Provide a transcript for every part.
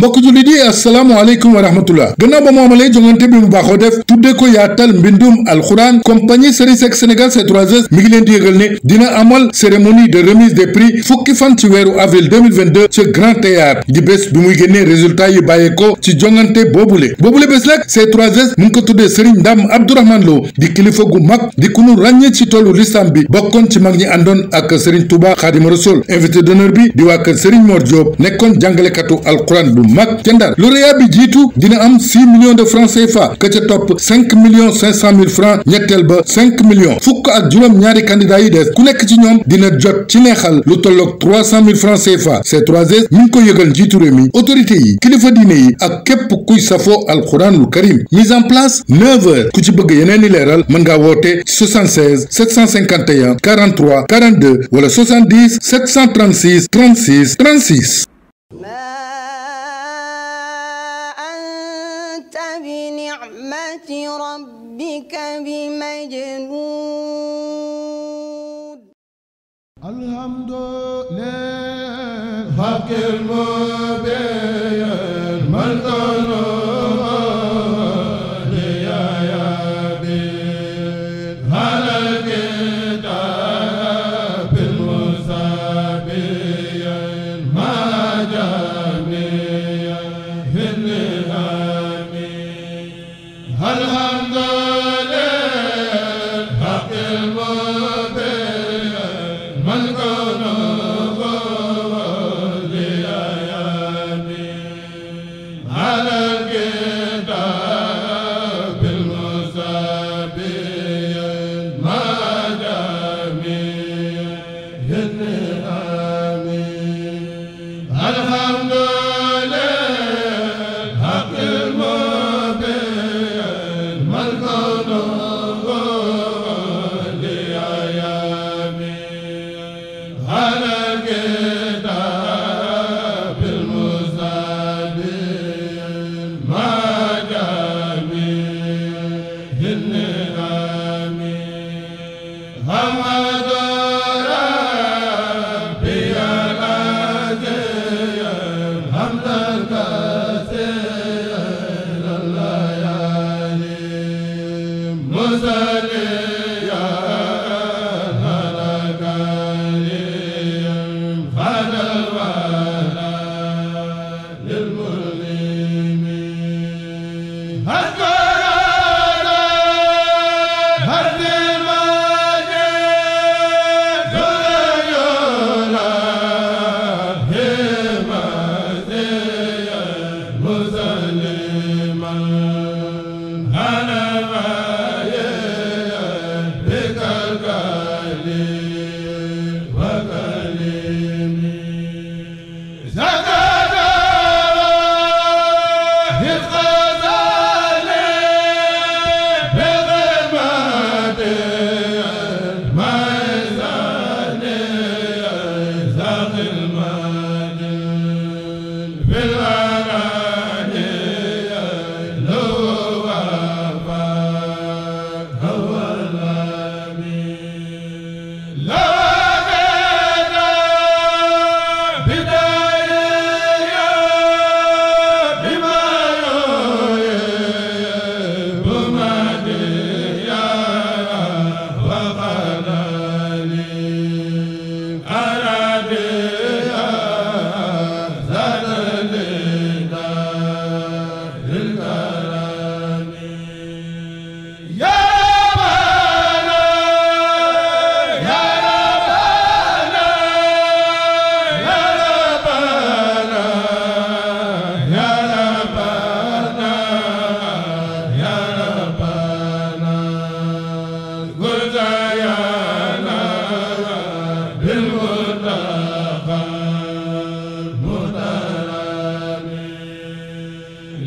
mbokk jullit yi asalaamaaleykum wa rahmatullah gannaaw ba mu amalee jongante bi mu baaxoo def tuddee ko yaatal mbindum alxuraan compagnie Serigne Seck Sénégal mi ngi leen di yëgal ne dina amal cérémonie de remise des prix fukki fan ci weeru avril 2022 ci Grand Théâtre di bés bi muy génnee résultat yi bàyyeekoo ci jongante boobule boobule bés nag C3S mu ngi ko tuddee Serigne Ndam Abdourahmane Lo di kilifa gu mag di ku nu ràññee ci tollu lislam bi bokkoon ci mag ñi àndoon ak Serigne Touba Khadim Rasoul invité d'honneur bi di waa kër Serigne Mor nekkoon jàngalekatu alxuraan bu mag ca Ndar lauréat bi jiitu dina am six millions de francs CFA ka topp cinq millions cinq mille francs ñetteel ba cinq millions fukk ak juróom-ñaari candidats yi des ku nekk ci ñoom dina jot ci neexal lu tolloog trois cent mille francs CFA c 3 ngi ko yëgal jiitu réew mi autorité yi kilifa diine yi ak képp kuy safoo alxuraanul karim mise en place neuf heures ku ci bëgg yeneen i leeral mën ngaa woote 76 751 43 42 wala 70 736 36 36 ربك بمجنون الحمد لله حق المبين من الحمد ge Amen.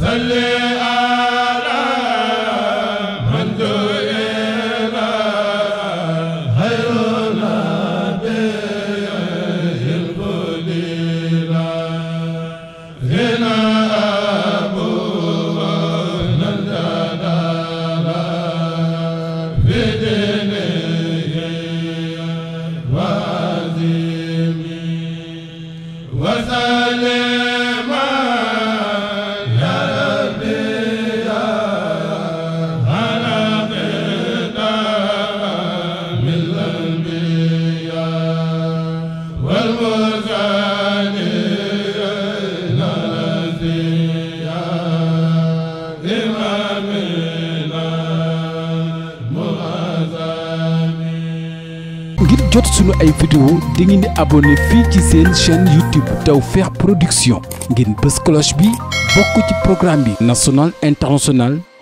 salli ngir jot suñu ay vidéo di ngeen di abonné fii ci seen chaîne YouTube Tawfekh Production ngeen bës cloche bi bokk ci programme bi national international